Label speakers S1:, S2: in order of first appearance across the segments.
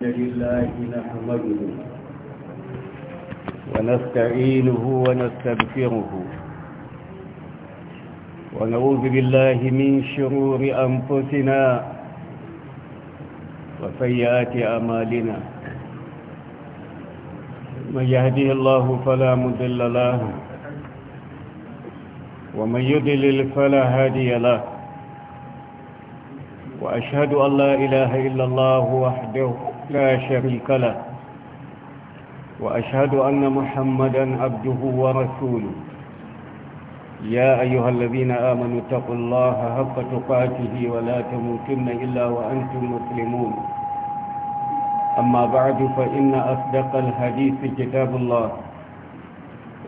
S1: لله نحمده ونستعينه ونستغفره ونعوذ بالله من شرور أنفسنا وسيئات أمالنا من يهده الله فلا مضل له ومن يضلل فلا هادي له وأشهد أن لا إله إلا الله وحده لا شريك له وأشهد أن محمدا عبده ورسوله يا أيها الذين آمنوا اتقوا الله حق تقاته ولا تموتن إلا وأنتم مسلمون أما بعد فإن أصدق الحديث كتاب الله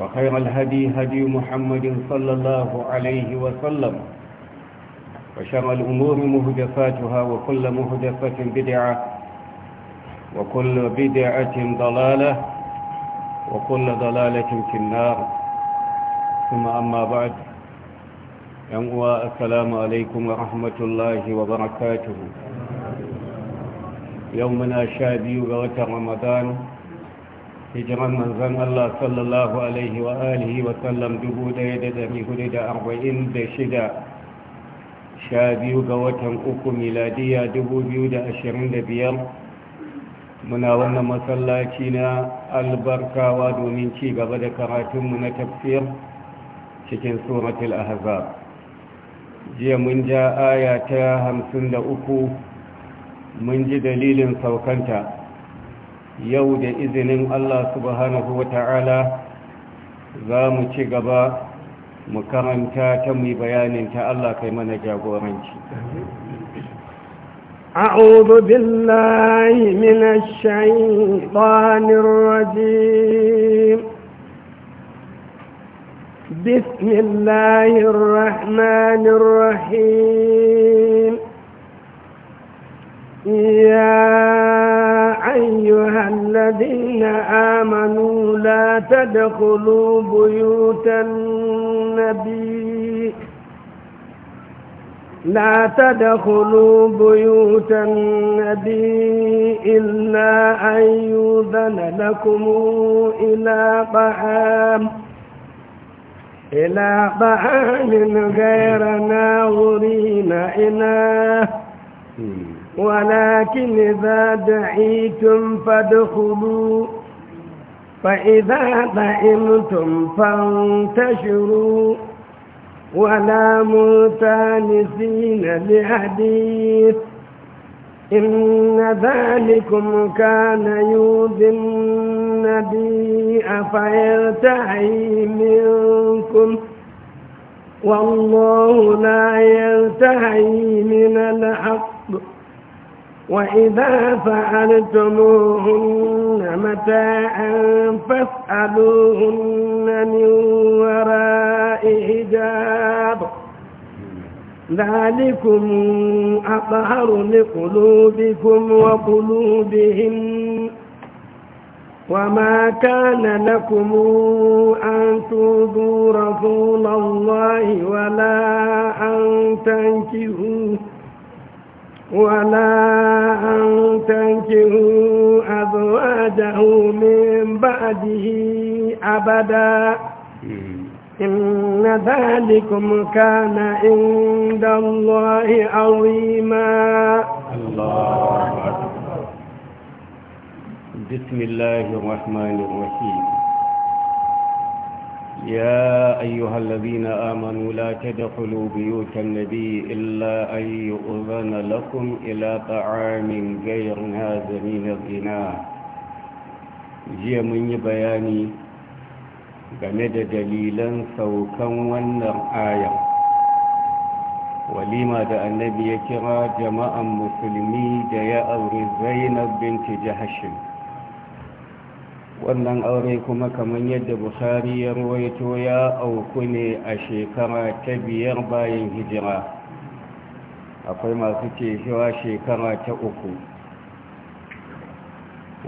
S1: وخير الهدي هدي محمد صلى الله عليه وسلم وشر الأمور مهدفاتها وكل مهدفة بدعة وكل بدعة ضلالة وكل ضلالة في النار ثم أما بعد ينقوى السلام عليكم ورحمة الله وبركاته يومنا شابي وغوة رمضان هجرا من زن الله صلى الله عليه وآله وسلم دبو ديد دريه ديد أربعين دشدا شابي وغوة أكو ميلادية دبو بيود أشرين دبيار muna wannan masallaci na albarkawa domin ci gaba da karatunmu na tafsir cikin suratul ahzab jiya mun ja aya ta hamsin da uku mun ji dalilin saukanta yau da izinin allah subhanahu wa ta'ala za mu ci gaba mu karanta ta muyi bayanin ta allah kai mana jagoranci
S2: أعوذ بالله من الشيطان الرجيم بسم الله الرحمن الرحيم يا أيها الذين آمنوا لا تدخلوا بيوت النبي لا تدخلوا بيوت النبي إلا أن يوذن لكم إلى طعام إلى طعام غير ناظرين إله ولكن إذا دعيتم فادخلوا فإذا طئمتم فانتشروا ولا متانسين لحديث إن ذلكم كان يوذي النبي فيرتعي منكم والله لا يرتعي من الحق وإذا فعلتموهن متاعا فاسألوهن من وراء حجاب ذلكم أطهر لقلوبكم وقلوبهم وما كان لكم أن تؤذوا رسول الله ولا أن تنكهوه ولا أن تنكروا أزواجه من بعده أبدا إن ذلكم كان عند الله عظيما الله أكبر
S1: بسم الله الرحمن الرحيم يا أيها الذين آمنوا لا تدخلوا بيوت النبي إلا أن يؤذن لكم إلى طعام غير هذا من الغناء جي من بياني game da dalilan saukan wannan ayar walima da annabi ya kira jama'an musulmi da ya auri zainab wannan aure kuma kamar yadda bukhari ya ruwaito ya auku ne a shekara ta biyar bayan hijira akwai masu ce shiwa shekara ta uku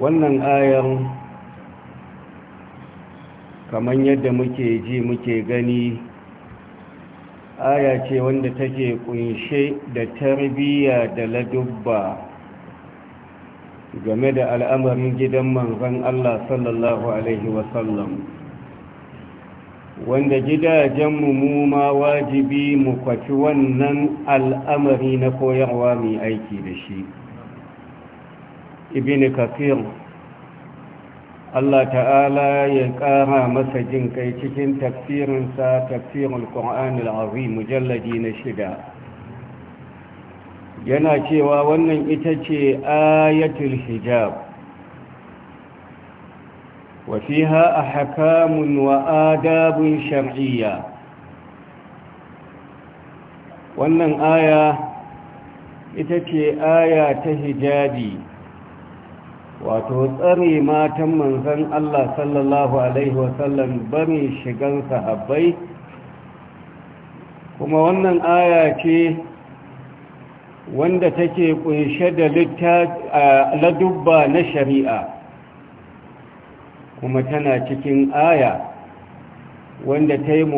S1: wannan ayar kamar yadda muke ji muke gani aya ce wanda take kunshe da tarbiyya da ladubba game da al'amarin gidan manzan Allah sallallahu Alaihi wasallam wanda gidajenmu mu ma wajibi mu kwaci wannan al'amari na koyarwa mai aiki da shi ibn kafir Allah ta'ala ya ƙara masa jin kai cikin tafsirinsa tafsirin ƙwa'an al'azim mujalladi na shida yana cewa wannan ita ce ayatul hijab wa a hakamun wa adabun shar'iyya wannan aya ita ce aya ta hijabi wato tsare matan manzon Allah sallallahu alaihi wasallam bane shigan kuma wannan aya ce wanda take kunshe da ladubba na shari'a kuma tana cikin aya wanda ta yi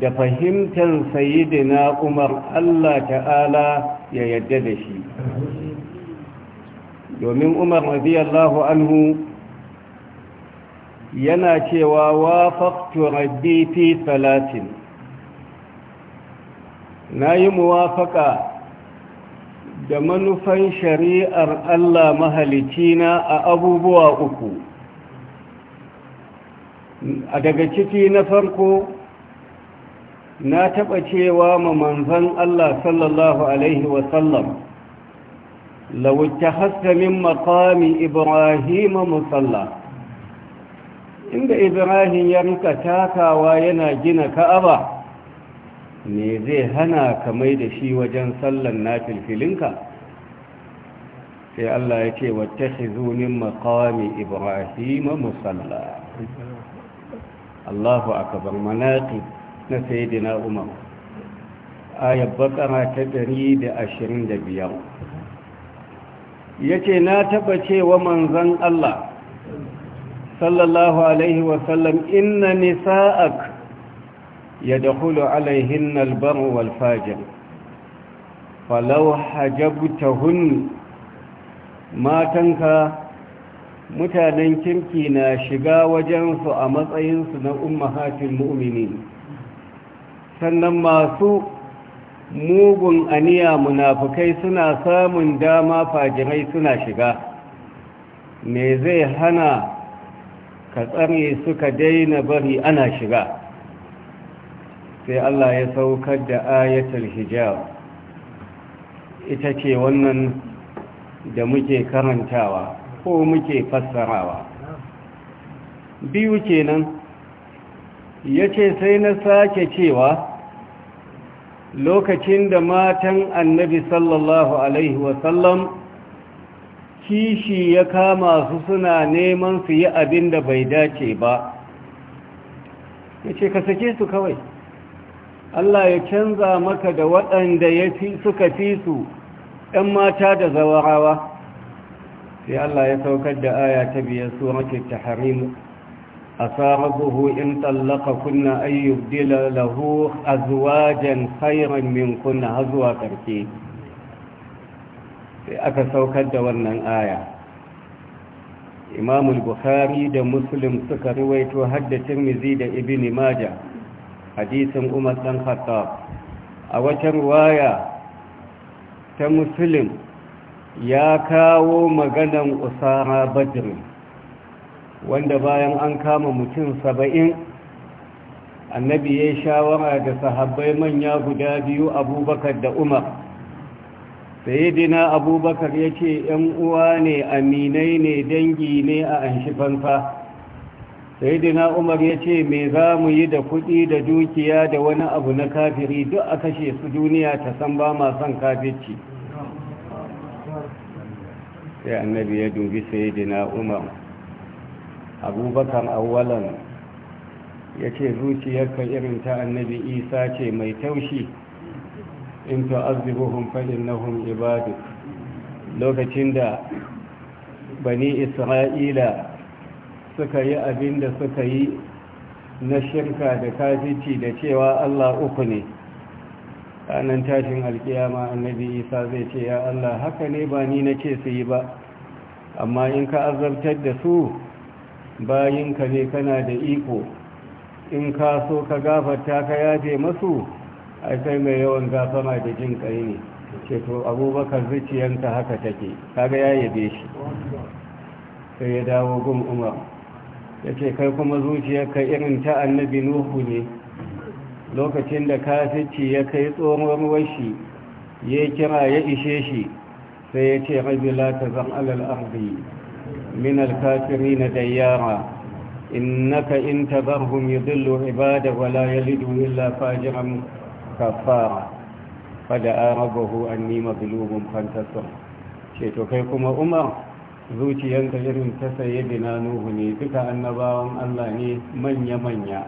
S1: da fahimtar sayidina umar Allah ta'ala ya yadda da shi domin umar radiyallahu anhu yana cewa wafaktu rabbi fi salatin na yi muwafaka da manufan shari'ar Allah mahalicina a abubuwa uku a daga ciki na farko na taɓa cewa ma manzan Allah sallallahu Alaihi wasallam lawuta hassamin makami Ibrahim musalla inda Ibrahim ya rika takawa yana gina ka'aba me zai hana ka mai da shi wajen sallan na filfilinka sai Allah ya ce wata shizunin makawami ibrahim musalla Allahu akabar manaki na sayidina umar ayat bakara ta 125 ya ce na taba cewa manzan Allah sallallahu alaihi wasallam inna nisa'ak يدخل عليهن البر والفاجر فلو حجبتهن matanka mutanen kirki na shiga wajensu a matsayinsu na ummahatin mu'minin sannan masu mugun aniya munafukai suna samun dama fajirai suna shiga me zai hana ka tsare suka daina bari ana shiga sai Allah ya saukar da ayatul hijab ita ce wannan da muke karantawa ko muke fassarawa biyu kenan yace sai na sake cewa lokacin da matan annabi sallallahu alaihi wasallam kishi ya kama su suna neman su yi abin da bai dace ba ya ka sake su kawai Allah ya canza maka da waɗanda ya fi suka fi su ‘yan mata da zawarawa sai Allah ya saukar da aya ta biyar a tsara buhu in tallaka kunna dila lahu jan sairan min kunna har zuwa karke sai aka saukar da wannan aya imamul bukhari da muslim suka rawaito haddacin tirmizi da ibn majah hadisin umar dan khattab a wata ruwaya ta muslim ya kawo maganan usama badr wanda bayan an kama mutum saba'in annabi ya shawara da sahabbai manya guda biyu abubakar da umar sayidina abubakar ya ce ‘yan uwa ne aminai ne dangi ne a an fanfa dina umar ya ce me za mu yi da kuɗi da dukiya da wani abu na kafiri duk a kashe su duniya ta san ba ma son kafirci sai annabi ya dubi dina umar abubakar awalan ya ce zuciyarka irin ta annabi isa ce mai taushi in faɗin na hun ibadu lokacin da bani isra'ila suka yi abin da suka yi na shirka da kafici da cewa Allah uku ne ranar tashin alkiyama annabi isa zai ce ya Allah haka ne ba ni na ce su yi ba amma in ka azabtar da su bayinka ne kana da iko in ka so ka gafarta ka yafe masu ai kai mai yawan gafama da jin kai ne ce to abubakar zuciyarka haka take kaga ya yabe shi sai ya dawo gun umar ya ce kai kuma zuciyarka irin ta annabi nuhu ne lokacin da kafici ya kai tsoron washi ya kira ya ishe shi sai ya ce rabi la ta zan alal arzi min alkafiri na dayyara innaka in tabarhum yudillu ibada wala yalidu illa fajiran kafara fada arabahu anni maglubun fantasir ce to kai kuma umar zuciyanka irin ta saye na nuhu ne duka annabawan Allah ne manya-manya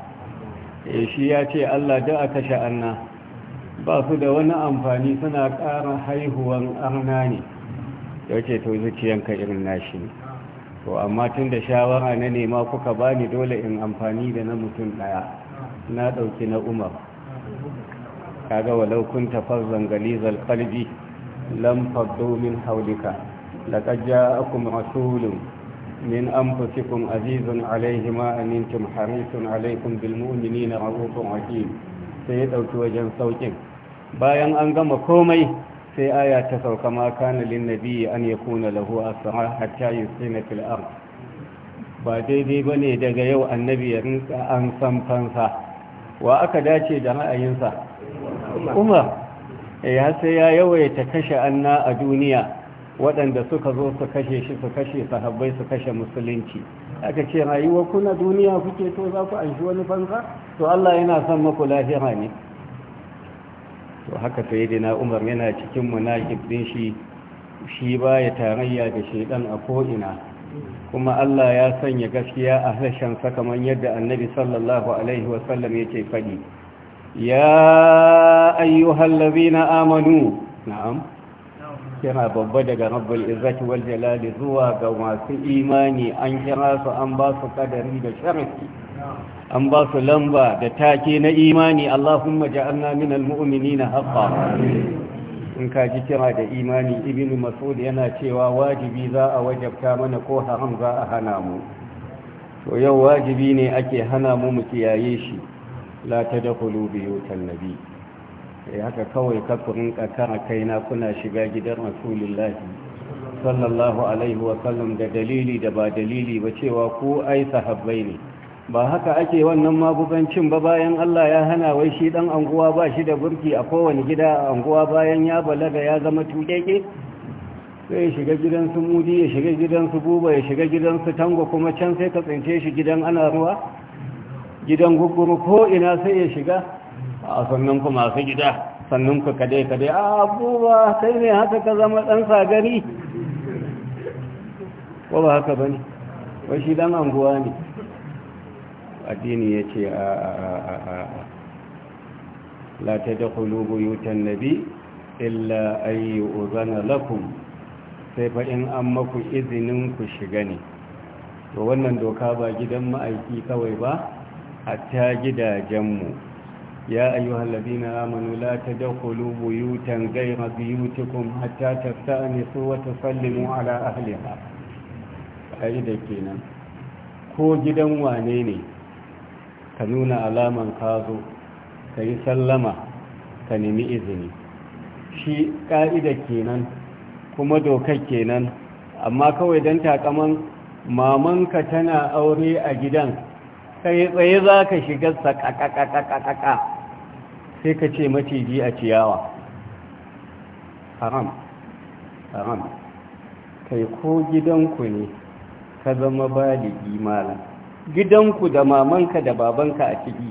S1: e shi ya ce Allah da aka sha'anna ba su da wani amfani suna ƙara haihuwan arna ne ya ce to zuciyanka irin nashi ne to amma tun da shawara na nema kuka bani dole in amfani da na mutum ɗaya na ɗauki na umar kaga walau kun tafazzan galizar lamfar domin haulika لقد جاءكم رسول من أنفسكم عزيز عليه ما أمنتم حريص عليكم بالمؤمنين رؤوف رحيم سيدعو توجن صوتين bayan an gama komai sai aya ta sauka ma kana lin nabi an yakuna lahu asra hatta yusina fil ard ba daidai bane daga yau annabi ya rinka an san fansa wa aka dace da ra'ayinsa umar ya sai ya yawaita kashe anna a duniya waɗanda suka zo su kashe shi su kashe sahabbai su kashe musulunci aka ce rayuwar kuna duniya kuke to za ku anshi wani fansa to Allah yana son maku lahira ne to haka sai na Umar yana cikin munakib din shi shi baya tarayya da shedan a ko ina kuma Allah ya sanya gaskiya a harshen sa kamar yadda Annabi sallallahu alaihi wa sallam yake faɗi ya ladina amanu na'am kira babba daga rabbul izzati wal jalali zuwa ga masu imani an kira su an ba su kadari da sharafi an ba su lamba da take na imani Allahumma ja'alna minal mu'minina haqqan in ka ji kira da imani ibnu mas'ud yana cewa wajibi za a wajabta mana ko haram za a hana mu to yau wajibi ne ake hana mu mu kiyaye shi la tadkhulu biyutan nabi Eh, haka kawai kakurin kakara kaina kuna shiga gidan rasulullahi sallallahu alaihi wasallam da dalili da ba dalili ba cewa ku ai sahabbai ne ba haka ake wannan magubancin ba bayan Allah ya hana wai shi dan anguwa ba shi da burki a kowane gida a anguwa bayan ya balaga ya zama tukeke sai ya shiga gidan su mudi ya shiga gidan su buba ya shiga gidan su tango kuma can sai ka tsince shi gidan ana ruwa gidan gugguru ko ina sai ya shiga sannan ku masu gida sannan ku kadai kadai a abubuwa sai ne haka ka zama ɗan sagari ko ba haka ba ne wai shi ɗan anguwa ne addini ya ce a a a a a la ta da kulubu yutan nabi illa ayi uzana lakum sai faɗin in an maku izinin ku shiga ne to wannan doka ba gidan ma'aiki kawai ba A ta gidajenmu يا أيها الذين آمنوا لا تدخلوا بيوتا غير بيوتكم حتى تستأنسوا وتسلموا على أهلها قاعدة كينا ko gidan wane ka nuna alaman kazo ka yi sallama ka nemi izini shi ƙa'ida kenan kuma dokar kenan amma kawai don takaman mamanka tana aure a gidan kai tsaye za ka shiga sakakakakakaka sai ka ce maciji a ciyawa haram haram kai ko gidanku ne ka zama baligi malam gidanku da mamanka da babanka a ciki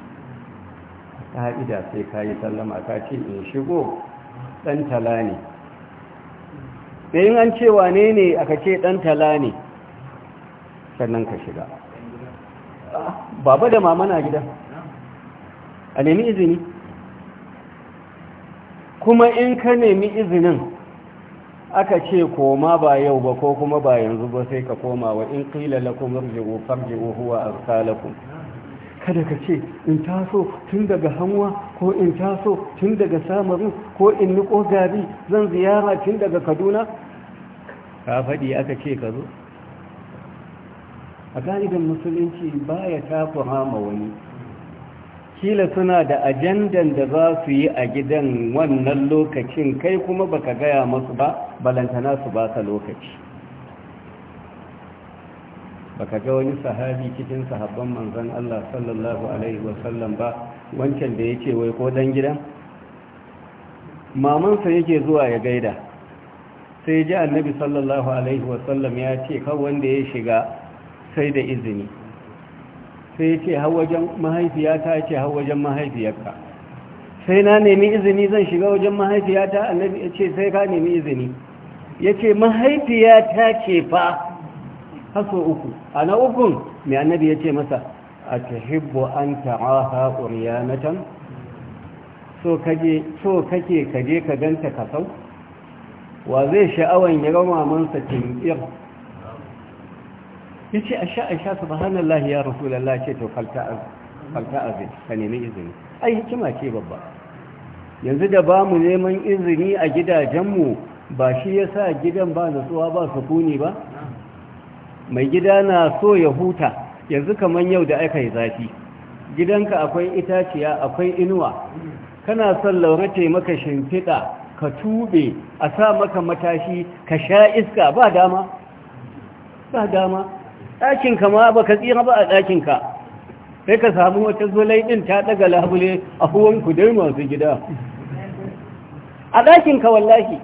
S1: ka'ida sai ka yi sallama ka ce in shigo ɗan tala ne ɗayin eh, an cewa ne ne aka ce ɗan tala ne sannan ka shiga baba da mama na gida a nemi izini kuma in ka nemi izinin aka ce koma ba yau ba ko kuma ba yanzu ba sai ka koma wa in qila lakum irji'u farji'u huwa azka kada ka ce in taso tun daga hanwa ko in taso tun daga samarin ko in niko gari zan ziyara tun daga kaduna ka faɗi aka ce ka zo a galibin musulunci baya takura ma wani kila suna da ajandan da za su yi a gidan wannan lokacin kai kuma baka gaya masu ba balantana su ba ta lokaci baka ga wani sahabi cikin sahabban manzan Allah sallallahu alaihi wasallam ba wancan da yake wai ko dan gidan mamansa yake zuwa ya gaida sai ji annabi sallallahu alaihi wasallam ya ce kan wanda ya shiga sai da izini sai ce wajen mahaifiyata ya ce wajen mahaifiyarka sai na nemi izini zan shiga wajen mahaifiyata annabi ya ce sai ka nemi izini ya ce mahaifiyata ce fa haso uku a na ukun mai annabi ya ce masa a tahibbo an ta'aha ƙuryanatan so kake kaje ka ganta ka sau wa zai sha'awan ya gama mansa tin'ir ya ce a sha a sha ya rasulallah ce to falta azin ka nemi izini ai hikima ce babba yanzu da ba mu neman izini a gidajenmu ba shi ya sa gidan ba natsuwa ba su kuni ba mai gida na so ya huta yanzu kamar yau da aka yi zafi gidanka akwai itaciya akwai inuwa kana son laurace maka shimfiɗa ka tube a sa maka matashi ka sha iska ba dama ba dama ɗakinka ma ba ka tsira ba a ɗakinka sai ka samu wata zolai ɗin ta ɗaga labule a huwanku dai masu gida a ɗakinka wallahi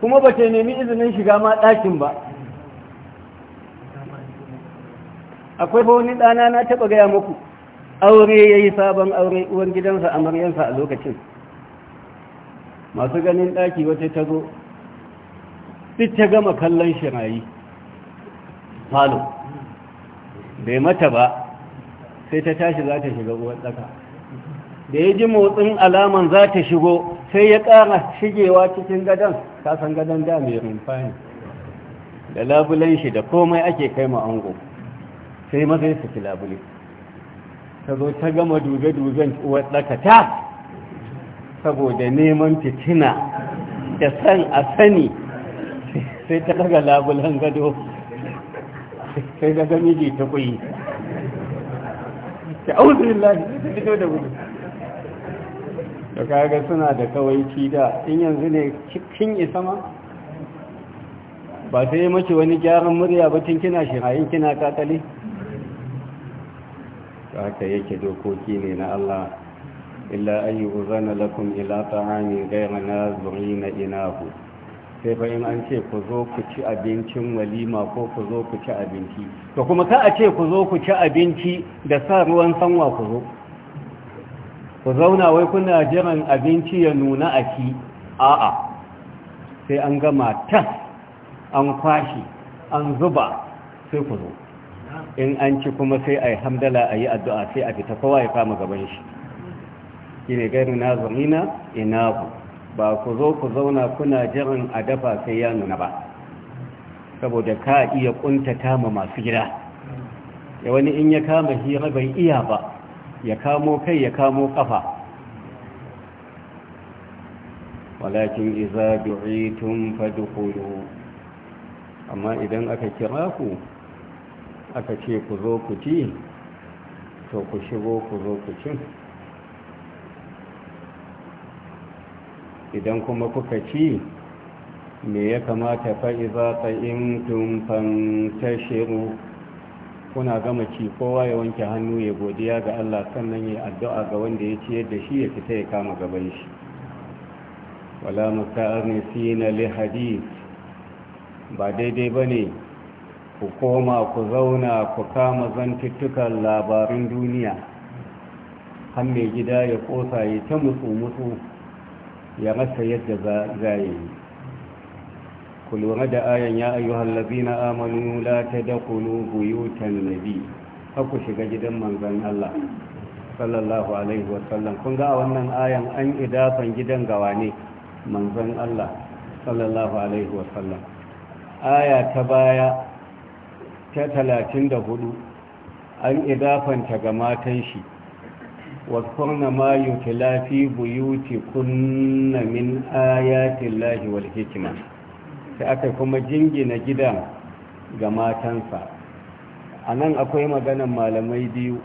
S1: kuma ba ta nemi izinin shiga ma ɗakin ba akwai ba wani ɗana na taɓa gaya muku aure ya yi sabon aure uwan gidansa a maryansa a lokacin masu ganin ɗaki wata ta zo duk ta gama kallon shirayi falo bai mata ba sai ta tashi za ta shiga ruwan tsaka da ya ji motsin alaman za ta shigo sai ya ƙara shigewa cikin gadon kasan gadon da mai rumfa da labulen shi da komai ake kai ma ango sai mazai saki labule ta zo ta gama duge-dugen uwar tsakata saboda neman fitina da san a sani sai ta daga labulen gado sai daga gani ta kuyi ta auzu fito da gudu da kaga suna da kawaici da in yanzu ne cikin isa ma ba sai yi mace wani gyaran murya ba tun kina shirayin kina kakali haka yake dokoki ne na Allah illa ayyuzana lakum ila ta'amin ghayra ina inahu sai fa in an ce ku zo ku ci abincin walima ko ku zo ku ci abinci to kuma ka a ce ku zo ku ci abinci da sa ruwan sanwa ku zo ku zauna wai kuna jiran abinci ya nuna a ki a'a sai an gama tas an kwashi an zuba sai ku zo in an ci kuma sai a yi hamdala a addu'a sai a fita kowa ya kama gaban shi Ki ne na zamina ina ku ba ku zo ku zauna kuna jiran a dafa sai ya nuna ba saboda ka iya kuntata ma masu gida ya wani in ya kama hira bai iya ba ya kamo kai ya kamo kafa walakin iza du'itum fadkhulu amma idan aka kira ku aka ce ku zo ku ci to ku shigo ku zo ku ci. idan kuma kuka ci me ya kamata fa'iza tsa'intun tashiru kuna gama ci kowa ya wanke hannu ya godiya ga Allah sannan ya addu'a ga wanda ya ciyar da shi ya fita ya kama gaban shi wala musta'arnisi na lahadi. ba daidai ba ne ku koma ku zauna ku kama zantuttukan labarin duniya har gida ya kosa ya ta mutsu-mutsu ya rasa yadda za a yi ku lura da ayan ya ayyuhal lazina amanu la tadkhulu buyutan nabi ku shiga gidan manzon Allah sallallahu alaihi wa sallam kun ga a wannan ayan an idafan gidan gawa ne manzon Allah sallallahu alaihi wa sallam aya ta baya ta 34 an idafanta ga matan shi واذكرن ما يتلى في بيوتكن من آيات الله والحكمة فأككم جنجن جدا كما تنسى anan akwai maganan malamai biyu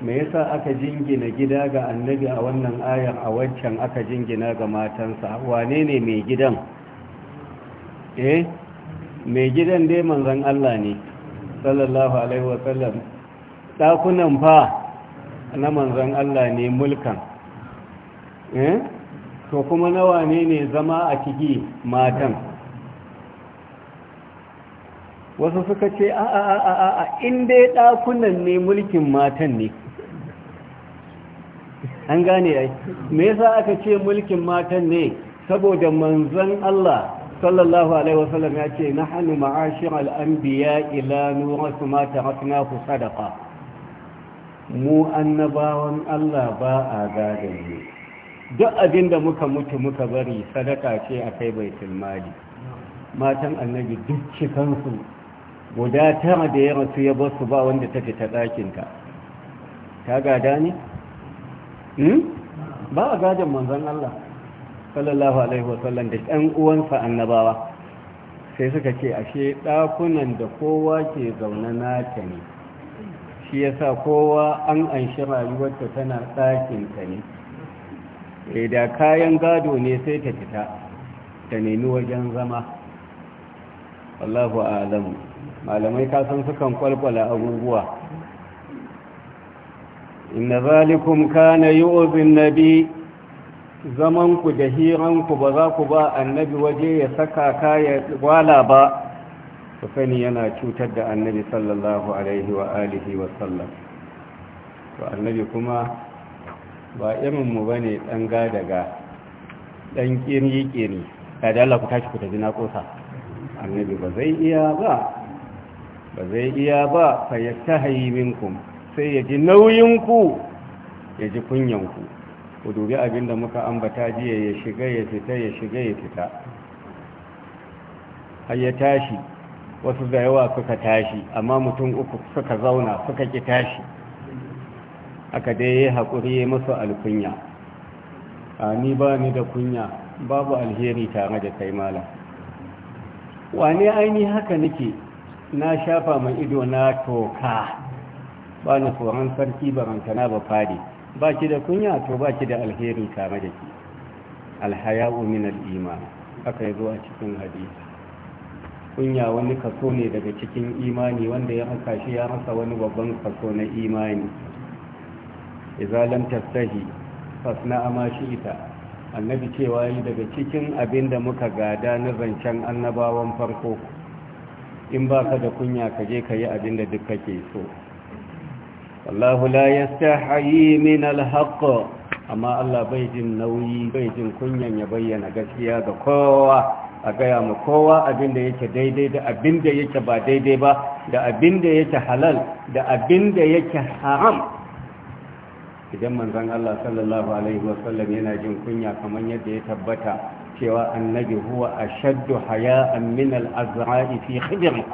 S1: me yasa aka jingina gida ga annabi a wannan ayar a waccan aka jingina ga matansa wane ne mai gidan eh mai gidan dai manzon Allah ne sallallahu alaihi wasallam dakunan fa na manzan Allah ne mulkan eh? to kuma nawa ne ne zama a ciki matan wasu suka ce a a a a a inda ya ɗakunan ne mulkin matan ne an gane ai me yasa aka ce mulkin matan ne saboda manzan Allah sallallahu alaihi wasallam ya ce na hannu ma'ashin al'ambiya ila nurasu na ku sadaka mu annabawan Allah ba a gadon mu duk abin da muka mutu muka bari sadaka ce a kai baitul mali matan annabi duk cikansu guda tara da ya rasu ya su ba wanda ta dakin ɗakinta ta gada ne? Hmm? ba a gadon manzon Allah sallallahu alaihi wa sallam. da ɗan uwansa annabawa sai suka ce ashe ɗakunan da kowa ke zaune nata ne shi yasa kowa an anshi rayuwarta tana ta ne eh, da kayan gado ne sai ta fita ta nemi wajen zama Allahu alamu malamai kasan sukan kwalkwala abubuwa inna zalikum kana yu'zin nabi zamanku da hiran ba za ku ba annabi waje ya saka kaya wala ba ku sani yana cutar da annabi sallallahu alaihi wa alihi wa sallam to annabi kuma ba irin mu bane dan ga daga dan kiri kiri da Allah ku tashi ku tafi na kosa annabi ba zai iya ba ba zai iya ba fa yastahi minkum sai ya ji nauyin ku ya ji kunyan ku ku dubi abinda muka ambata jiya ya shiga ya fita ya shiga ya fita har ya tashi wasu da yawa suka tashi amma mutum uku suka zauna suka ki tashi aka dai ya haƙuri ya masu alkunya a ni ba ni da kunya babu alheri tare da kai malam wane aini haka nake na shafa mai ido na toka ba ni tsoron sarki barantana ba fadi ba ki da kunya to ba ki da alheri tare da ki alhaya'u min al'ima aka yi zo a cikin hadisi kunya wani kaso ne daga cikin imani wanda ya haka shi ya haka wani babban kaso na imani izalam tastahi fasna ama ita. annabi cewa yi daga cikin abin da muka gada na zancen annabawan farko in ba ka da kunya ka je ka yi abin da duk kake so wallahu la yastahi min alhaq amma Allah bai jin nauyi bai jin kunyan ya bayyana gaskiya ga kowa a gaya mu kowa abin da yake daidai da abin da yake ba daidai ba da abin da yake halal da abin da yake haram idan manzon Allah sallallahu alaihi wasallam yana jin kunya kamar yadda ya tabbata cewa annabi huwa ashaddu haya'an min al-azra'i fi khidmah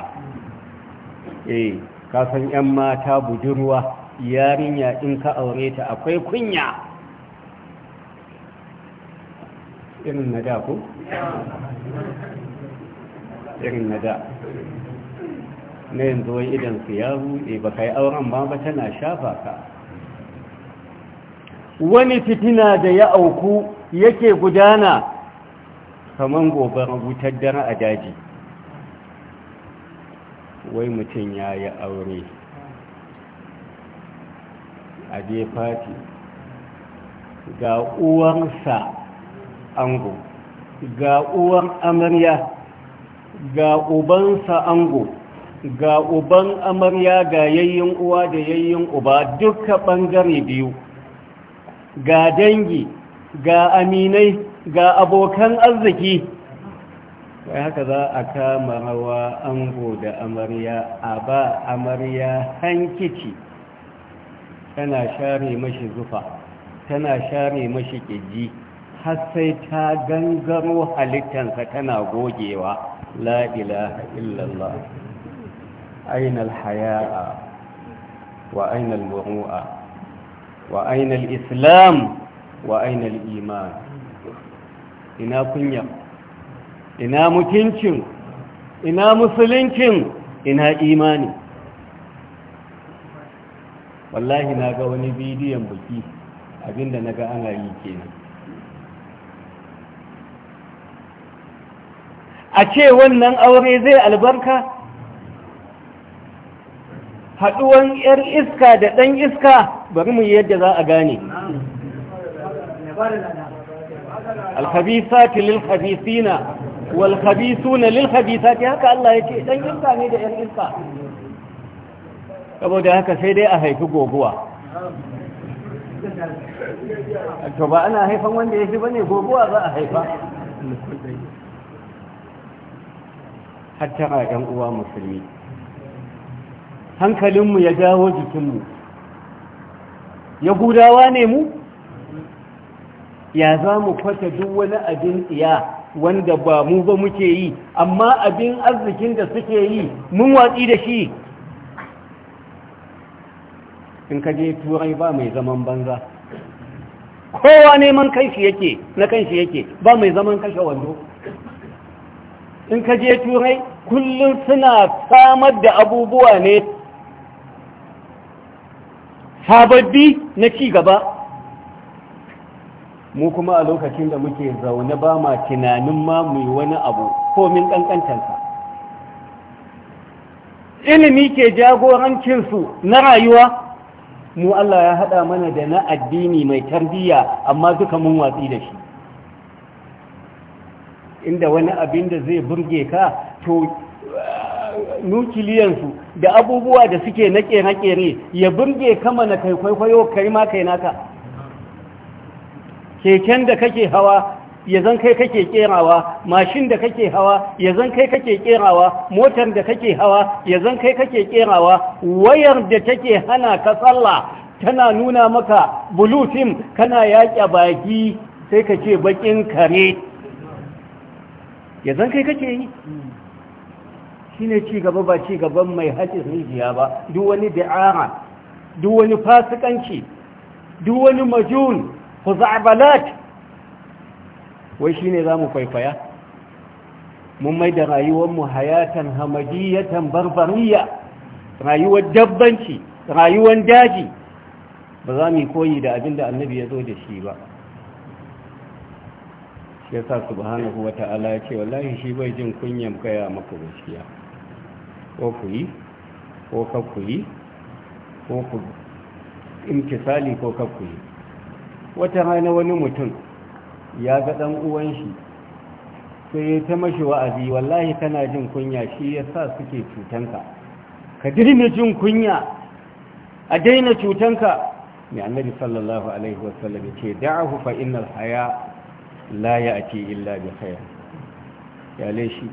S1: eh ka yan mata budurwa yarinya in ka aure ta akwai kunya irin na da ko? irin na da na yanzu wai idan su ya buɗe ba ka yi auren ba ba tana shafa ka wani fitina da ya auku yake gudana kamar gobe wutar dare a daji wai mutum ya yi aure a je ga uwarsa ango ga uwan amarya ga ubansa ango ga uban amarya ga yayyin uwa da yayyin uba duka ɓangare biyu ga dangi ga aminai ga abokan arziki wai haka za a kama rawa ango da amarya a ba amarya hankici tana share mashi zufa tana share mashi ƙirji har sai ta gangaro halittansa tana gogewa la ilaha illallah aina haya'a wa aina almuru'a wa aina alislam wa aina aliman ina kunya ina mutuncin ina musuluncin ina imani wallahi na ga wani bidiyon buki abinda na ga ana yi kenan a ce wannan aure zai albarka haɗuwan 'yar iska da ɗan iska bari mu yadda za a gane
S3: sati sina,
S1: alhabisati suna walhabisuna sati haka Allah ya ce ɗan iska ne da 'yar iska saboda haka sai dai a haifi goguwa to ba ana haifan wanda ya fi bane goguwa za a haifa hattara ɗan uwa musulmi hankalinmu ya jawo jikinmu ya gudawa ne mu ya za mu kwata duk wani abin tsiya wanda ba mu ba muke yi amma abin arzikin da suke yi mun watsi da shi in ka je turai ba mai zaman banza kowa neman kanshi yake na kanshi yake ba mai zaman kashe wando in ka je turai kullum suna samar da abubuwa ne sababbi na ci gaba mu kuma a lokacin da muke zaune ba ma tunanin ma mai wani abu komin ƙanƙantansa ilimi ke jagorancinsu na rayuwa mu Allah ya haɗa mana da na addini mai tarbiyya amma duka mun watsi da shi inda wani abin da zai burge ka to uh, nukiliyansu da abubuwa da suke na kere-kere ya burge kama na kai kwaikwayo kai ma kai naka keken da kake hawa ya zan kai kake kerawa mashin da kake hawa ya zan kai kake kerawa motar da kake hawa ya zan kai kake kerawa wayar da take hana ka tsalla tana nuna maka bulutin kana yaƙa baki sai ka ce bakin kare ya zan kai kake yi shi ne cigaba ba cigaban mai haƙin rijiya ba duk wani da'ara duk wani fasikanci duk wani majun ku za'abalat wai shi ne za mu kwaikwaya mun mai da mu hayatan hamadiyatan barbariya rayuwar dabbanci rayuwar daji ba za mu koyi da abin da annabi ya zo da shi ba ya sa subhanahu wa ta'ala ya ce wallahi shi bai jin kunyan kaya maka gaskiya ko ku yi ko ka ku yi ko ku imtisali ko ka ku yi wata rana wani mutum ya ga dan uwan shi sai ya ta mashi wa'azi wallahi kana jin kunya shi ya sa suke cutanka ka dirne jin kunya a daina cutanka mai annabi sallallahu alaihi wasallam ya ce da'ahu fa innal haya la ake illa bi khair yale shi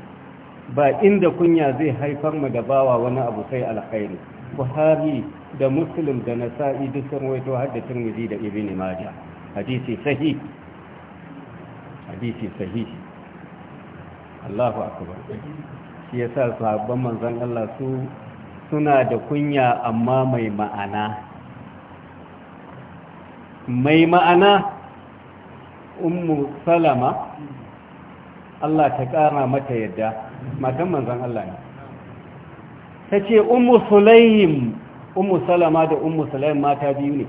S1: ba inda kunya zai haifar mu da bawa wani abu sai alkhairi buhari da muslim da nasa'i duk sun waito har da tirmidhi da ibn majah hadisi sahih hadisi sahih Allahu akbar shi yasa sahabban manzon Allah su suna da kunya amma mai ma'ana mai ma'ana ummu salama Allah ta ƙara mata yadda matan manzan Allah ne ta ce ummu sulayim ummu salama da ummu sulaim mata biyu ne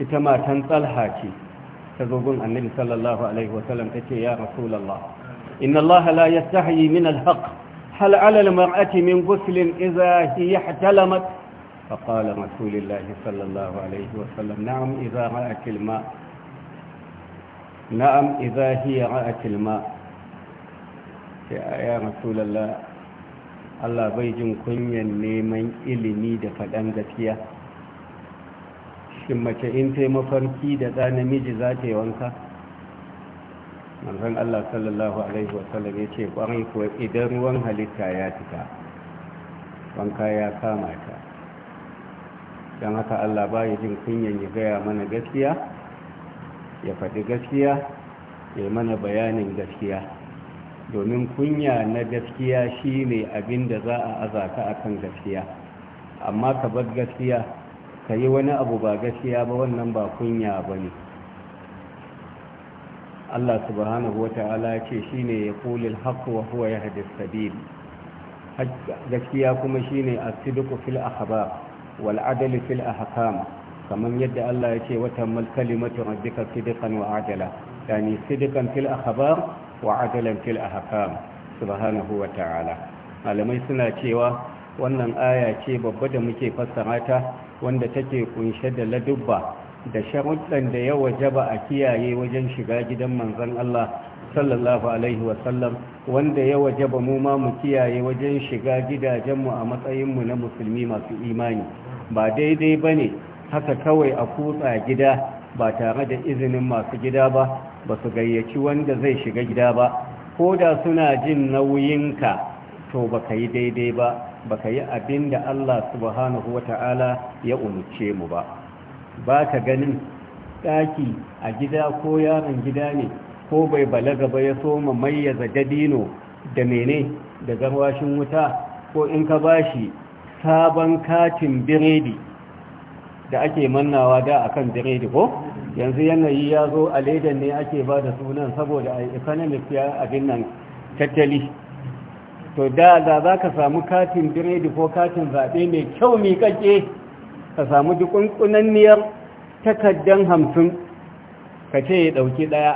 S1: ita matan tsalha ce ta zogon annabi sallallahu alaihi wasallam ta ce ya rasulallah inna Allah la yastahi min alhaq hal ala almar'ati min ghuslin idha hiya ihtalamat فقال رسول الله صلى الله عليه وسلم نعم إذا رأت الماء na'am idza hiya ra'at alma ya rasulullah Allah bai jin kunyan neman ilimi da faɗan gaskiya shin mace in ta mafarki da ɗa namiji za ta yi wanka manzon Allah sallallahu alaihi ya ce kwarai kuwa idan ruwan halitta ya fita wanka ya kama ta don haka Allah ba jin kunyan ya gaya mana gaskiya ya faɗi gaskiya ya mana bayanin gaskiya domin kunya na gaskiya shi ne abin da za a azaka a kan gaskiya amma ka bar gaskiya ka yi wani abu ba gaskiya ba wannan ba kunya ba ne Allah subhanahu wa ta'ala ce shi ne ya kulil haƙo wa huwa ya hadis sabili gaskiya kuma shi ne a fil akhbar wal adali fil kamar yadda Allah ya ce wata mal kalimatu rabbika sidikan wa adala yani sidikan fil akhbar wa adalan fil ahkam subhanahu wa ta'ala malamai suna cewa wannan aya ce babba da muke fassara ta wanda take kunshe da ladubba da sharuɗan da ya wajaba a kiyaye wajen shiga gidan manzon Allah sallallahu alaihi wasallam wanda ya wajaba mu ma mu kiyaye wajen shiga gidajenmu a matsayinmu na musulmi masu imani ba daidai bane haka kawai a kutsa gida ba tare da izinin masu gida ba ba su gayyaci wanda zai shiga gida ba ko da suna jin nauyinka to ba ka yi daidai ba ba ka yi abin da Allah subhanahu wa ta'ala ya umarce mu ba ba ka ganin ɗaki a gida ko yaron gida ne ko bai balaga ba ya soma mayyaza dadino da mene da garwashin wuta ko in ka bashi sabon katin biredi da ake mannawa da a kan biredi ko yanzu yanayi ya zo a ledan ne ake ba da sunan saboda a economic ya abin nan tattali to da za ka samu katin biredi ko katin zaɓe mai kyau mai kake ka samu dukunkunanniyar takaddan hamsin ka ce ya ɗauki ɗaya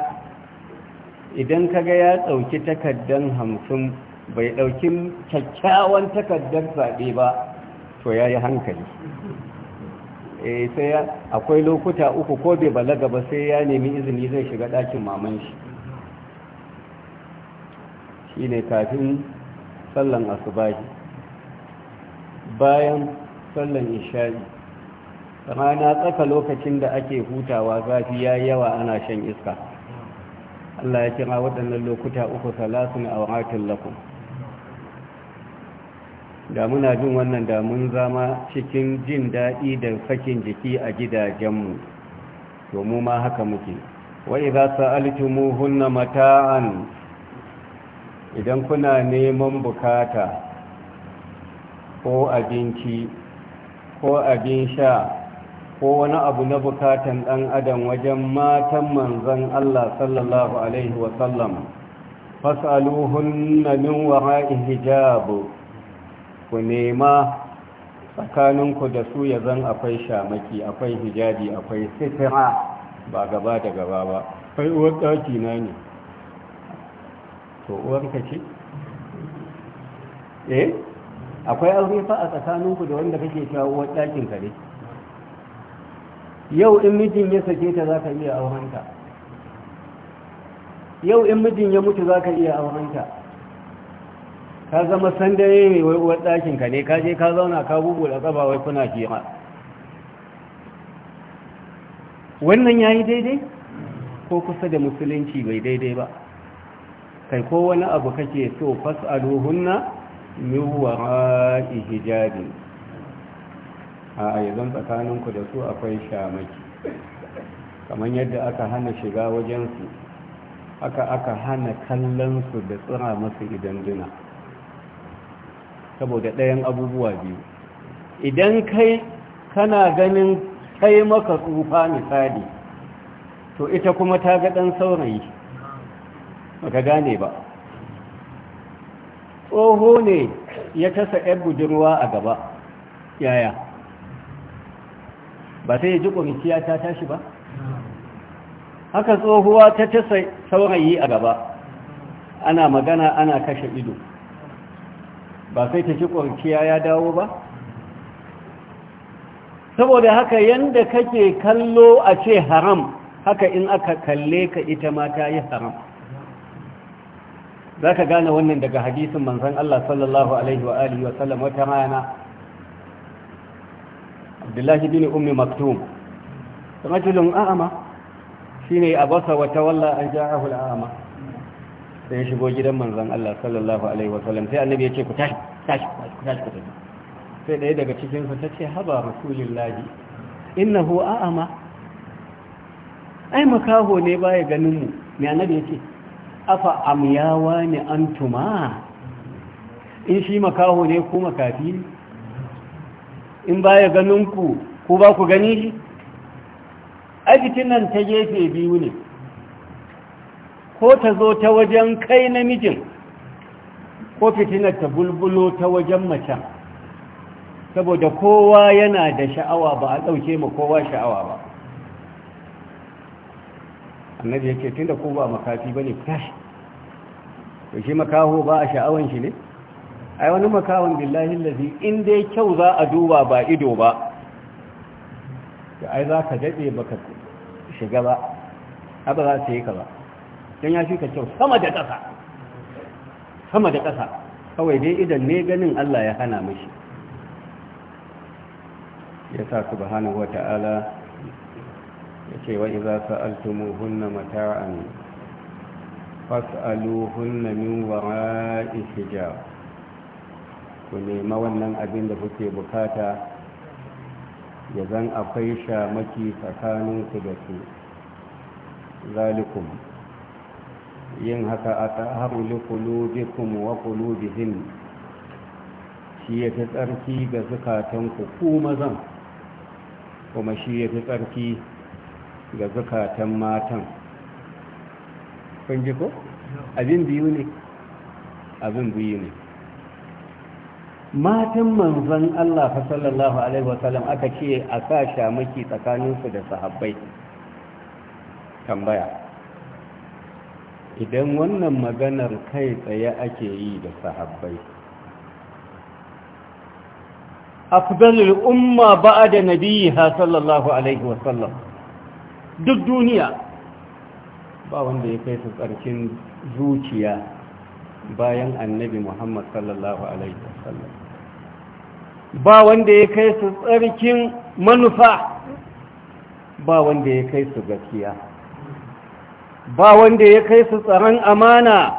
S1: idan ka ga ya ɗauki takaddan hamsin bai ɗauki kyakkyawan takaddan zaɓe ba to ya yi hankali eh sai akwai lokuta uku ko bai balaga ba sai ya nemi izini zai shiga ɗakin maman shi shine kafin sallan asubahi bayan sallan isha'i rana tsaka lokacin da ake hutawa zafi ya yawa ana shan iska Allah ya kira waɗannan lokuta uku salasun a wa'atin lakum da muna jin wannan da mun zama cikin jin daɗi da sakin jiki a gidajenmu to mu ma haka muke wai za su alitumuhunna mata'an idan kuna neman bukata ko abinci ko abin sha ko wani abu na bukatan ɗan adam wajen matan Manzon Allah sallallahu Alaihi wasallam fasaluhunna min wara'i hijabu ku nema tsakaninku da su ya zan akwai shamaki akwai hijabi akwai sitira ba gaba da gaba ba kai uwar daki na ne to uwarka ce eh akwai alhifa a tsakaninku da wanda kake ta uwar dakin ka ne yau in mijin ya sake ta za ka iya auranta yau in mijin ya mutu za ka iya aurenta ka zama sandare mai waiwuwar ɗakinka ne ka je ka zauna ka bugu da ƙafa wai kuna kira wannan ya yi daidai ko kusa da musulunci bai daidai ba kai ko wani abu kake so fas'aluhunna min wara'i hijabi a yanzan tsakaninku da su akwai shamaki kamar yadda aka hana shiga wajensu aka aka hana kallon su da tsira masu idanduna saboda ɗayan abubuwa biyu idan kai kana ganin kai maka tsufa misali to ita kuma ta ga ɗan saurayi maka gane ba tsoho ne ya tasa 'yar budurwa a gaba yaya ba sai ya ji ƙunciya ta tashi ba haka tsohuwa ta tasa saurayi a gaba ana magana ana kashe ido ba sai ta ci ƙwarciya ya dawo ba saboda haka yanda kake kallo a ce haram haka in aka kalle ka ita ma ta yi haram za ka gane wannan daga hadisin manzan Allah sallallahu Alaihi wa Alihi wa sallam wata rana abdullahi bin ummi maktum rajulun a'ama Shi ne a basa wata walla an ja'ahu a'ama. Sai shigo gidan manzon Allah sallallahu alaihi wasallam sai annabi ya ce ku tashi tashi ku tashi ku tafi sai ɗaya daga cikin ta tace haba rasulillahi innahu a'ama ai makaho ne ya ganin mu me annabi yake afa amyawa ne antuma in shi makaho ne ku makafi In ba ya ganin ku ku ba ku gani shi ajikin nan ta gefe biyu ne ko ta zo ta wajen kai namijin ko fitinar ta bulbulo ta wajen macen saboda kowa yana da sha'awa ba a ɗauke ma kowa sha'awa ba annabi yake tunda ko ba makafi bane tashi to shi makaho ba a sha'awan shi ne ai wani makawan billahi allazi in dai kyau za a duba ba ido ba to ai za ka dade baka shiga ba aba za su yi ka ba don ya shuka kyau sama da ƙasa sama da ƙasa kawai dai idan ne ganin Allah ya hana mashi ya sa su subhanahu wata'ala ya ce wa iza hunna mata'an hunna min wara'i hijab ku nema wannan abin da kuke bukata ya zan akwai shamaki tsakaninku da su zalikum yin haka a tsaharu likulubikum wa kulubihin shi ya fi tsarki ga zukatanku ku mazan kuma shi ya fi tsarki ga zukatan matan kun ji ko? abin biyu ne abin biyu ne matan manzan Allah fa sallallahu alaihi wasallam aka ce a sa shamaki tsakaninsu da sahabbai tambaya idan wannan maganar kai tsaye ake yi da sahabbai afdalul umma ba'da da sallallahu alaihi wasallam duk duniya ba wanda ya kai su tsarkin zuciya bayan annabi Muhammad sallallahu alaihi wasallam ba wanda ya kai su tsarkin manufa ba wanda ya kai su gaskiya ba wanda ya kai su tsaron amana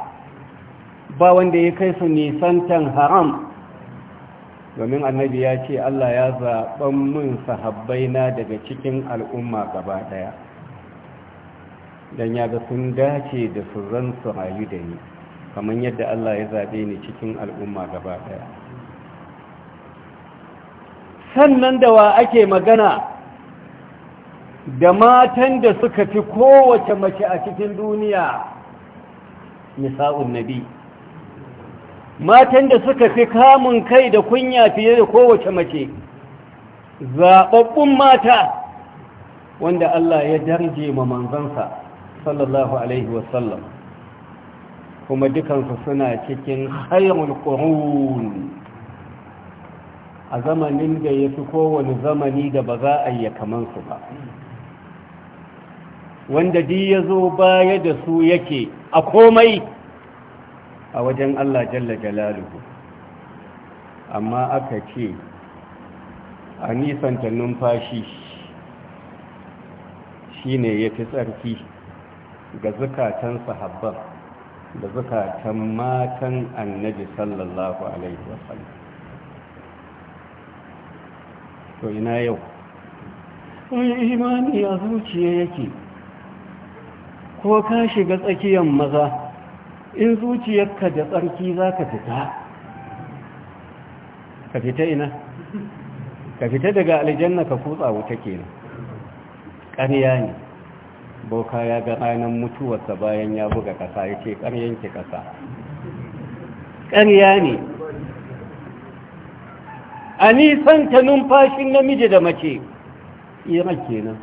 S1: ba wanda ya kai su nisantan haram domin annabi ya ce Allah ya zaɓan min sahabbaina daga cikin al'umma gaba ɗaya don ya ga sun dace da su zan su rayu da ni kamar yadda Allah ya zaɓe ni cikin al'umma gaba ɗaya sannan da wa ake magana da matan da suka fi kowace mace a cikin
S2: duniya
S1: nisa'un nabi matan da suka fi kamun kai da kunya fiye da kowace mace zaɓaɓɓun mata wanda Allah ya darje ma manzansa sallallahu alaihi wasallam kuma dukansu suna cikin hayar ƙorun a zamanin da ya fi kowane zamani da ba za a yi kamansu ba wanda di ya zo baya da su yake a komai a wajen Allah jalla jalaluhu amma aka ce a nisan ta numfashi shi ne ya fi tsarki ga zukatan sahabban da zukatan matan annabi sallallahu alaihi wasallam to ina yau wani imani a zuciya yake ko ka shiga tsakiyar maza in zuciyarka da tsarki za ka fita ka fita ina ka fita daga aljanna ka kutsa wuta ke nan, ƙarya ne boka ya ga ranar mutuwarsa bayan ya buga ƙasa ya ce ƙaryanki ƙasa
S3: ƙarya ne
S1: a nisan ta numfashin namiji da mace iya nan.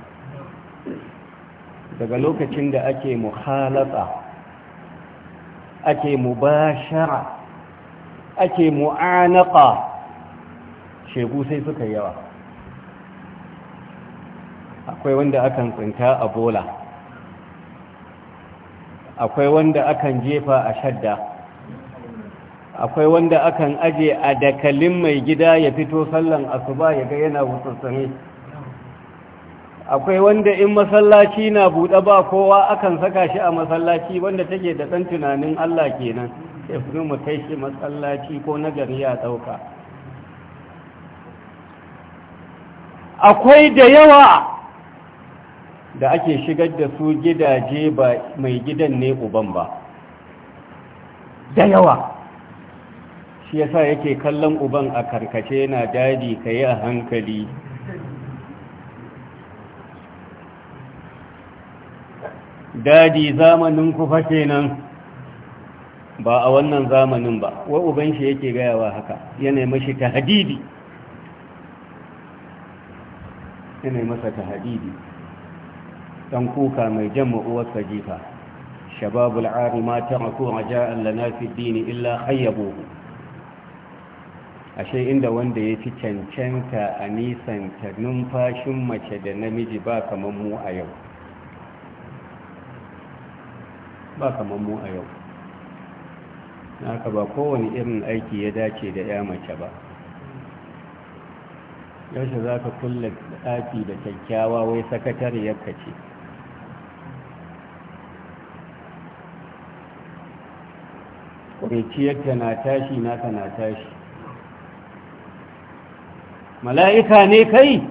S1: daga lokacin da ake muhalata ake mubashara ake mu'anaka shegu sai suka yawa akwai wanda akan tsinta a bola akwai wanda akan jefa a shadda akwai wanda akan aje a dakalin mai gida ya fito sallan asuba ya ga yana wutsutsune akwai wanda in masallaci na buɗe ba kowa akan saka shi a masallaci wanda take da ɗan tunanin Allah kenan sai kuma mu kai shi masallaci ko nagari ya ɗauka akwai da yawa da ake shigar da su gidaje ba mai gidan ne uban ba da yawa shi yasa yake kallon uban a karkace yana dadi ka yi a hankali dadi zamanin ku fa kenan ba a wannan zamanin ba wa uban shi yake gayawa haka yana mashi hadidi yana masa hadidi dan kuka mai jama uwar sajifa shababul mata taraku raja'an lana fi dini illa khayyabuhu ashe inda wanda ya fi cancanta a nisan nisanta numfashin mace da namiji ba kamar mu a yau ba kamar mu a yau na haka ba kowane irin aiki ya dace da ya mace ba yaushe za ka kulle ɗaki da kyakkyawa wai sakatar ka ce yadda na tashi naka na tashi mala'ika ne kai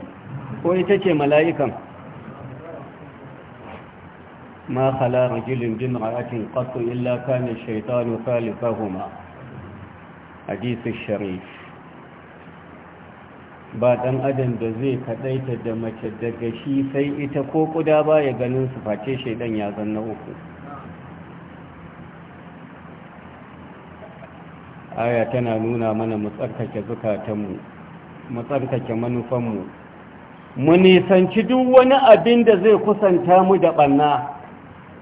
S1: ko ita ce mala'ikan ما خلا رجل بامرأة kana إلا كان الشيطان خالفهما حديث Sharif. ba dan adam da zai kaɗaita da mace daga shi sai ita ko kuda ba ya ganin su face shaidan ya zanna uku aya tana nuna mana mu tsarkake zukatanmu mu manufanmu mu nisanci duk wani abin da zai kusanta mu da ɓanna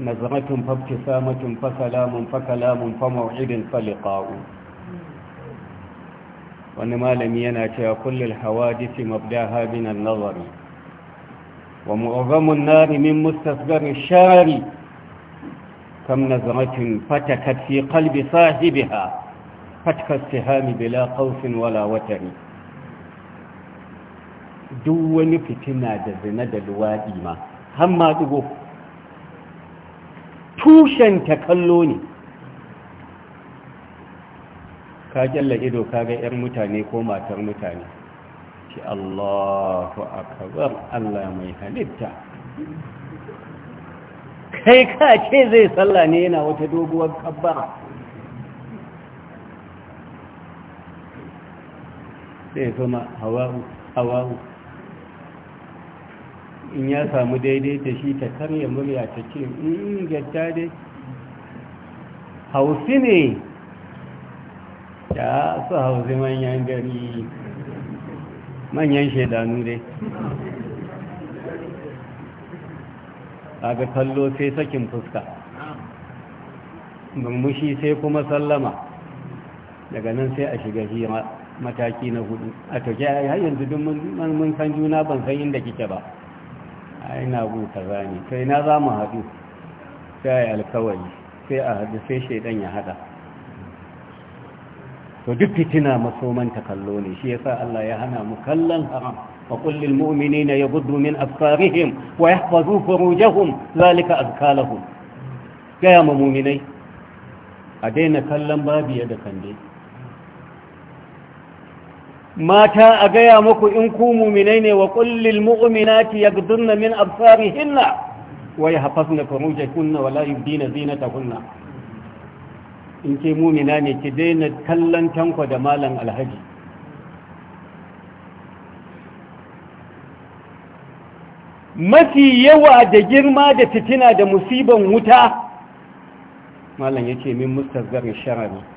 S1: nazaratun fafke samatun fasalamun fakalamun famawidin falikawu wani malami yana cewa kullum hawadisi jifi haɗinan nazari wa mu'azzamun nari min mustasgari shari kam nazaratun fatakat fi kalbi sahibiha fatakat sihami bila kausin wala watari duk wani fitina da zina da luwaɗi ma hamma duk tushenta kallo ne ka kyalla ido ka ga mutane ko matar mutane Ki allahu akbar allah mai halitta kai ka ce zai sallah ne yana wata doguwar kabbara sai kuma hawa hawa in ya samu daidai ta shi ta karya murya ta ce in mm, gyatta dai hausi ne ya su hausi manyan gari manyan shaidanu dai ga kallo sai sakin fuska murmushi sai kuma sallama daga nan sai a shiga hira mataki na hudu a toke har yanzu don mun san juna ban san inda kike ba ai na gun kaza ne sai na za mu haɗu sai yi alkawari sai a haɗu sai shaidan ya haɗa to duk fitina masoman ta kallo ne shi yasa Allah ya hana mu kallon haram wa qul lil ya gudu min absarihim wa yahfazu furujahum zalika azkalahum gaya ma mu'minai a daina kallon babiya da kande mata a gaya muku in ku muminai ne wa kullil mu'minati yaghdunna min absarihinna wa yahfazna furujakunna wa la yubdina zinatahunna in ce mumina ne ki daina kallon tanko da malam alhaji mafi yawa da girma da fitina da musiban wuta malam yake min mustazzar sharari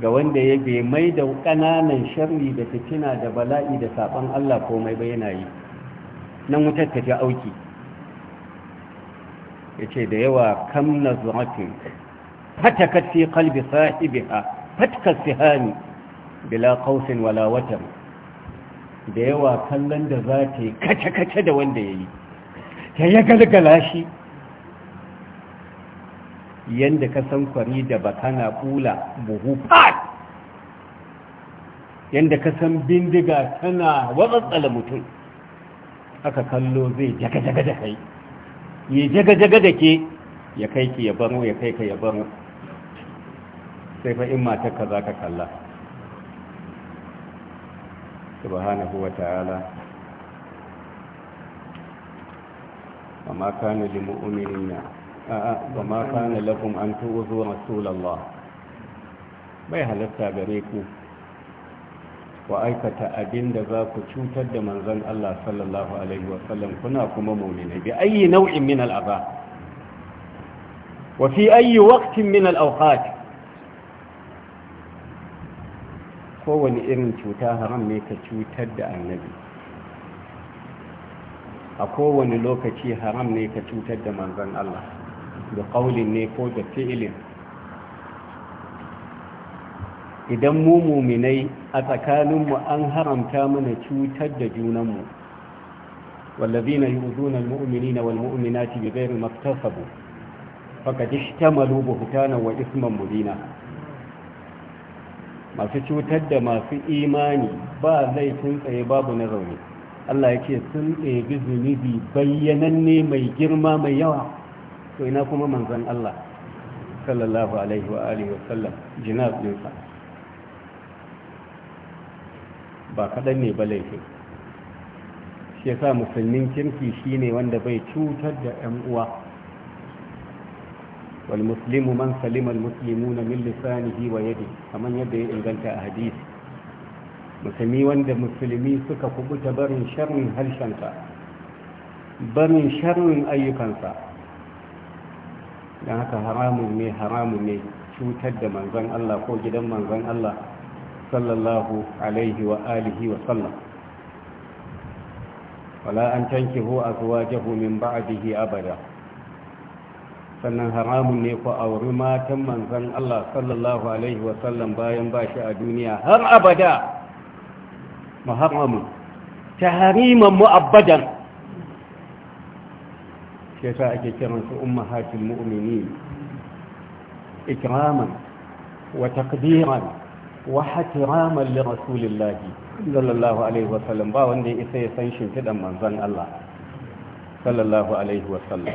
S1: ga wanda ya bai mai da ƙananan sharri da fitina da bala'i da saɓon Allah komai ba yana yi nan wutar ta ji auki ya ce da yawa kam na zuwafin fatakar fi kalbi sahibiha fatakat sihani bila kausin wala watan da yawa kallon da za ta yi kace-kace da wanda ya yi ta ya galgala shi yanda ka san kwari da bakana kula buhu fat yanda ka san bindiga tana watsatsala mutum aka kallo zai jaga-jaga da kai ya jaga-jaga da ke ya kai ki ya baro ya kai ka ya baro sai fa in matarka za ka kalla subhanahu wa ta'ala amma kana limu'minina a'a wa ma kana lakum an tu'zu rasulullah bai halatta gare ku ku aikata abin da za ku cutar da manzon Allah sallallahu alaihi wasallam kuna kuma mu'mini bi ayi nau'in min al'aba wa fi ayi waqtin min al-awqat wani irin cuta haram ne ka cutar da annabi a kowane lokaci haram ne ka cutar da manzon Allah da ƙaulin ne ko da fi'ilin idan mu muminai a tsakaninmu an haramta mana cutar da junanmu wallazina yu'zuna almu'minina walmu'minati bighairi maktasabu faqad ihtamalu buhtanan wa isman mubina masu cutar da masu imani ba laifin tsaye babu na rauni Allah ce sun ɗebi zunubi bayyananne mai girma mai yawa to ina kuma manzan Allah sallallahu alaihi wa alihi wa sallam jinaz dinsa ba kaɗan ne ba laifin shi yasa musulmin kirki shine wanda bai cutar da ƴan uwa wal muslimu man salima al muslimuna min lisanihi wa yadi kaman yadda ya inganta a hadisi musulmi wanda musulmi suka kubuta barin sharrin harshensa barin sharrin ayyukansa don haka haramun ne haramun ne cutar da manzan Allah ko gidan manzan Allah sallallahu alaihi wa alihi wa sallam wala an tankihu azwajahu min ba'dihi abada sannan haramun ne ku auri matan manzan Allah sallallahu alaihi wa sallam bayan ba shi a duniya har abada Mu muharramun tahriman abadan. shi yasa ake umma ummahatul mu'minin ikraman wa taqdiran wa hatiraman li rasulillah sallallahu alaihi wa sallam ba wanda ya isa ya san shi shimfidan manzon Allah sallallahu alaihi wa sallam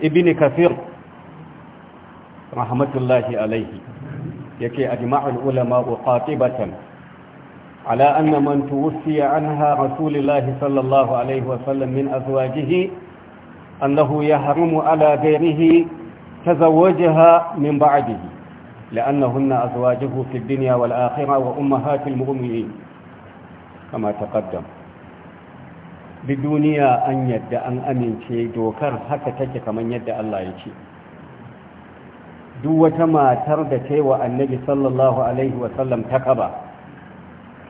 S1: ibn kafir rahmatullahi alaihi yake ajma'ul ulama qatibatan على أن من توفي عنها رسول الله صلى الله عليه وسلم من أزواجه أنه يحرم على غيره تزوجها من بعده لأنهن أزواجه في الدنيا والآخرة وأمهات المؤمنين كما تقدم بدنيا أن يدى أن أمين شيء دوكر حتى تجك من يدى الله يشي دوة ما ترد شيء النبي صلى الله عليه وسلم تقبى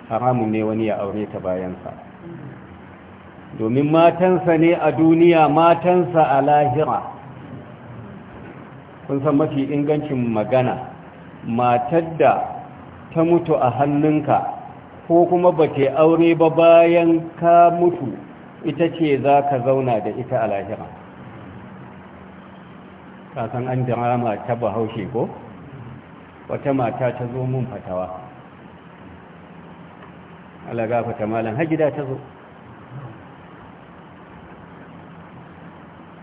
S1: haramun ne wani ya aure ta bayansa domin matansa ne a duniya matansa a lahira kun san mafi ingancin magana matar da ta mutu a hannunka ko kuma ba ke aure ba bayan ka mutu ita ce za ka zauna da ita a lahira kasan an jirama ta bahaushe ko wata mata ta zo mun fatawa Allah gafata malam da ta zo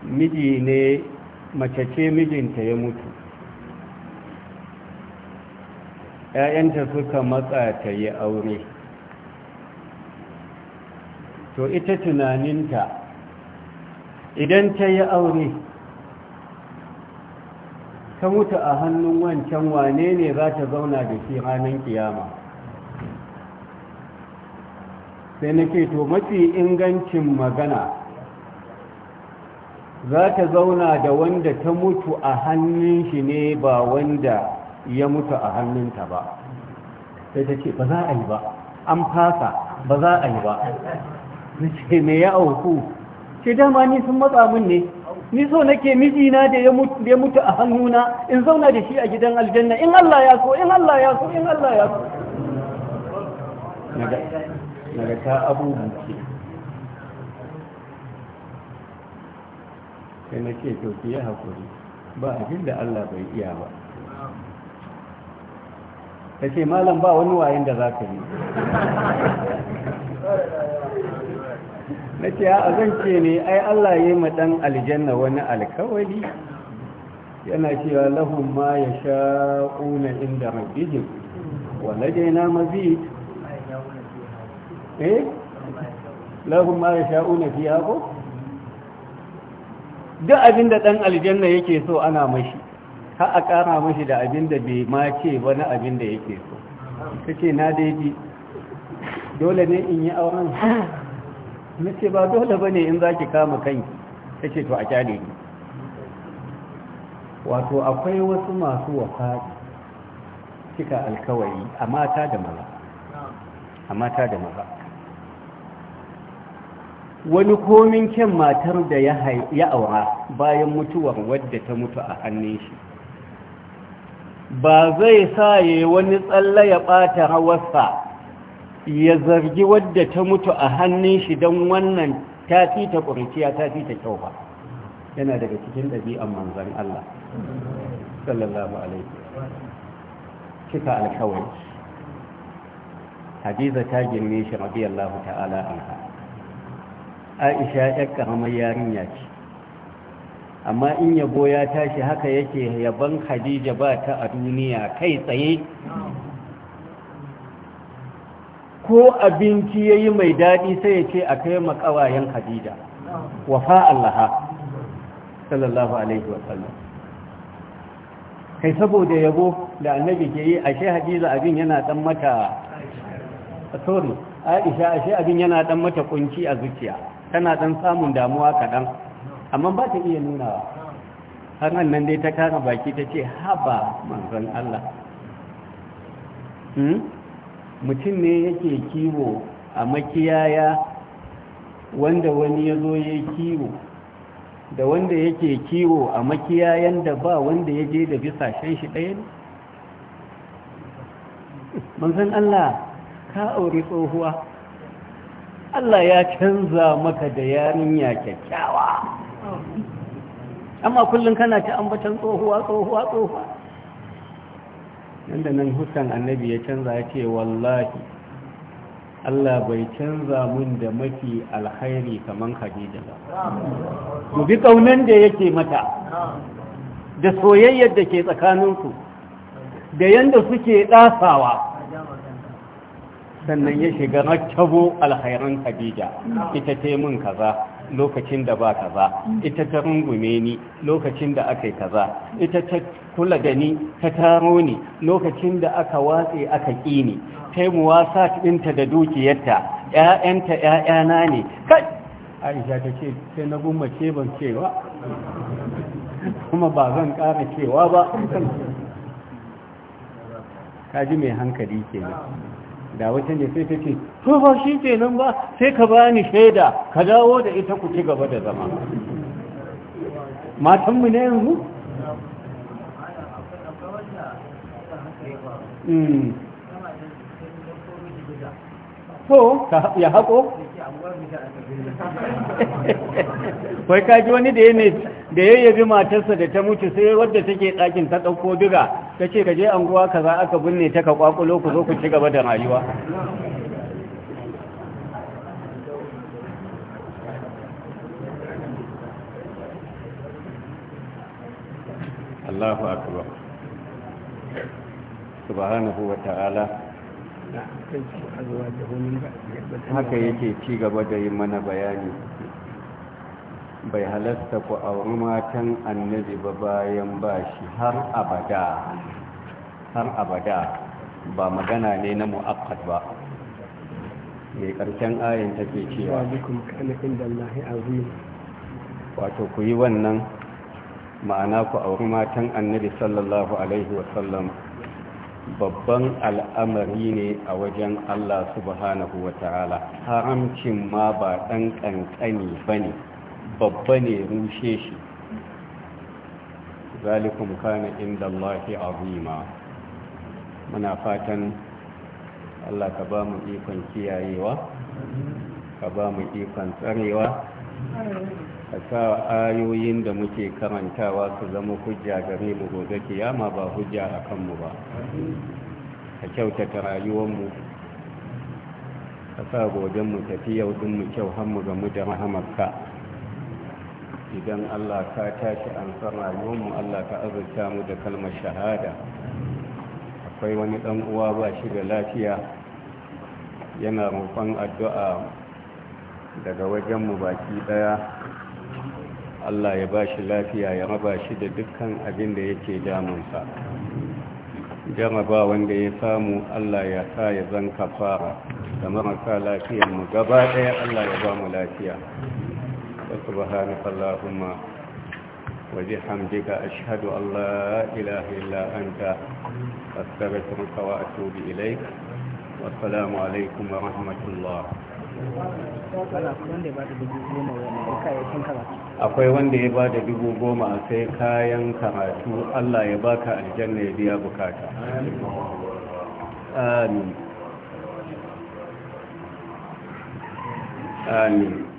S1: miji ne mace mijinta ya mutu ‘ya'yanta suka matsa ta yi aure to ita tunaninta idan ta yi aure ta mutu a hannun wancan wane ne za ta zauna da shi ranar kiyama sai na ce to mafi ingancin magana za ta zauna da wanda ta mutu a hannun shi ne ba wanda ya mutu a hannunta ba sai ta ce ba za a yi ba an fasa ba za a yi ba na ce me ya auku ce dama ni sun matsa min ne ni so nake mijina da ya mutu a hannuna in zauna da shi a gidan
S2: aljanna in Allah ya so in Allah ya so in Allah ya
S1: so daga ta abubuwa sai na ce to ya yi haƙuri ba abin da Allah bai iya ba ta ce malam ba wani wayan da za ka yi
S3: na ce a zan
S1: ne ai Allah ya yi maɗan aljanna wani alkawari yana cewa lahun ma ya sha'una inda rabijin na mazid eh lahum ma yasha'una fiha ko duk abinda dan aljanna yake so ana mashi har a kara mashi da abinda bai ma ce wani abinda yake so kace na bi, dole ne in yi auren nace ba dole bane in zaki kama kanki kace to a kyale ni wato akwai wasu masu wafa cika alkawari a mata da maza a mata da maza wani komin kyan matar da ya aura bayan mutuwar wadda ta mutu a hannun shi ba zai saye wani tsalle ya ɓata hawarsa ya zargi wadda ta mutu a hannun shi don wannan ta fi ta ƙuriciya ta ta kyau ba yana daga cikin ɗabi'an manzan Allah sallallahu alaihi Kika alkawai hadiza ta girme shi radiyallahu ta'ala anha aisha yar karamar yarinya ce amma in yabo ya tashi haka yake yaban khadija ba ta a duniya kai tsaye ko abinci ya yi mai daɗi sai ya ce a kai makawayen khadija wafa allaha sallallahu alaihi wasallam kai saboda yabo da annabi ke yi ashe hadiza abin yana dan mata sorry aisha ashe abin yana dan mata kunci a zuciya tana dan samun damuwa kaɗan amma ba ta iya nunawa har nan dai ta kara baki ta ce haba manzon Allah hmm? mutum ne yake kiwo a makiyaya wanda wani ya zo ya kiwo da wanda yake kiwo a makiyayan da ba wanda ya je da bisa shan shi ɗaya ne manzon Allah ka aure tsohuwa Allah ya canza maka da yarinya kyakkyawa amma kullum kana ci ambatan tsohuwa tsohuwa tsohuwa nan nan hussan annabi ya canza ya ce wallahi Allah bai canza mun da mafi alkhairi kaman Khadija ba
S3: Mu bi kaunan
S1: da yake mata da soyayyar da ke tsakaninsu da yanda suke ɗasawa. sannan ya shiga rattabo alhairan khadija ita ce mun kaza lokacin da ba kaza ita ta rungume ni lokacin da aka kaza ita ta kula da ni ta taro ni lokacin da aka watse aka ƙi ni mu wasa ɗinta da dukiyarta ‘ya'yanta ƴaƴana ne kai aisha ta ce sai na ce ban cewa kuma ba zan ƙara cewa ba kaji mai hankali ke da wata ne sai ta to ba shi ke nan ba sai ka bani shaida ka dawo da ita ku ci gaba da zama
S3: matanmu ne yanzu hmm. ya haƙo kai kaji
S1: wani da ya yabi matarsa da ta mutu sai wadda take ɗakin ta ɗauko duga ka ce ka je anguwa a aka binne ta ka kwakulo ku zo ku ci gaba da rayuwa
S3: Allahu akbar
S1: subhanahu wa ta'ala haka yake ci gaba da yin mana bayani bai halasta ku auri matan annabi ba bayan ba shi har abada ba magana ne na mu'akkad ba mai karshen ayin take cewa wato ku yi wannan ma'ana ku auri matan annabi sallallahu alaihi wasallam babban al'amari ne a wajen Allah subhanahu wa ta'ala haramcin ma ba ɗan ƙanƙani ba ne babba ne rushe shi zalikum kana inda Allahi azima muna fatan Allah ka ba mu ikon kiyayewa ka ba mu ikon tsarewa ka sa ayoyin da muke karantawa su zama hujja gare mu gobe kiyama ba hujja a kanmu ba ka kyautata rayuwanmu ka sa godinmu mu tafi yau din mu kyau har mu gamu da rahamarka idan Allah ka tashi an san mu, Allah ka azurta mu da kalmar shahada akwai wani ɗan uwa ba shi da lafiya yana roƙon addu'a daga wajenmu baki ɗaya Allah ya ba shi lafiya ya raba shi da dukkan abin da yake damunsa jaraba wanda ya samu Allah ya sa ya zan kafara da marasa mu gaba ɗaya Allah ya ba mu lafiya فسبحانك اللهم وبحمدك أشهد أن لا إله إلا أنت أستغفرك وأتوب إليك والسلام عليكم ورحمة الله akwai wanda ya ba da dubu goma a sai kayan karatu Allah ya baka aljanna ya biya bukata amin amin